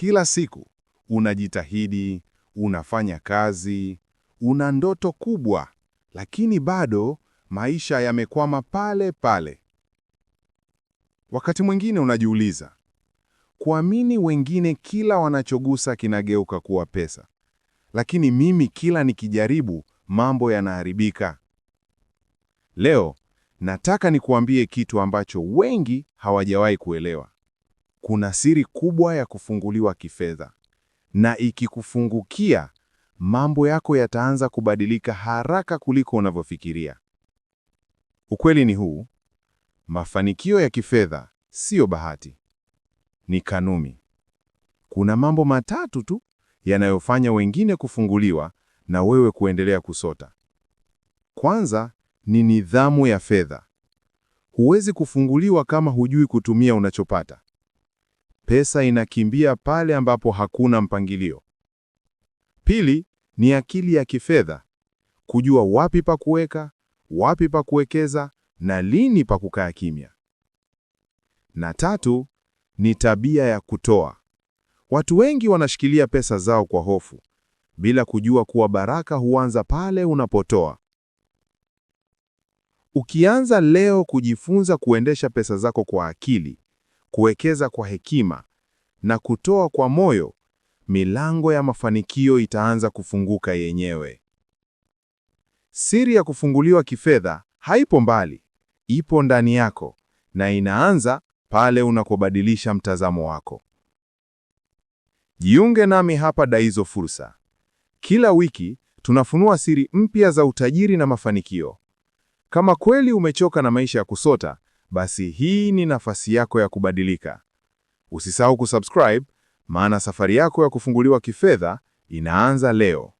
Kila siku unajitahidi, unafanya kazi, una ndoto kubwa, lakini bado maisha yamekwama pale pale. Wakati mwingine unajiuliza, kuamini wengine kila wanachogusa kinageuka kuwa pesa, lakini mimi kila nikijaribu mambo yanaharibika. Leo nataka nikuambie kitu ambacho wengi hawajawahi kuelewa kuna siri kubwa ya kufunguliwa kifedha, na ikikufungukia, mambo yako yataanza kubadilika haraka kuliko unavyofikiria. Ukweli ni huu: mafanikio ya kifedha siyo bahati, ni kanuni. Kuna mambo matatu tu yanayofanya wengine kufunguliwa na wewe kuendelea kusota. Kwanza ni nidhamu ya fedha. Huwezi kufunguliwa kama hujui kutumia unachopata. Pesa inakimbia pale ambapo hakuna mpangilio. Pili ni akili ya kifedha, kujua wapi pa kuweka, wapi pa kuwekeza na lini pa kukaa kimya. Na tatu ni tabia ya kutoa. Watu wengi wanashikilia pesa zao kwa hofu bila kujua kuwa baraka huanza pale unapotoa. Ukianza leo kujifunza kuendesha pesa zako kwa akili, kuwekeza kwa hekima na kutoa kwa moyo, milango ya mafanikio itaanza kufunguka yenyewe. Siri ya kufunguliwa kifedha haipo mbali, ipo ndani yako na inaanza pale unakobadilisha mtazamo wako. Jiunge nami hapa Daizo Fursa. Kila wiki tunafunua siri mpya za utajiri na mafanikio. Kama kweli umechoka na maisha ya kusota, basi hii ni nafasi yako ya kubadilika. Usisahau kusubscribe, maana safari yako ya kufunguliwa kifedha inaanza leo.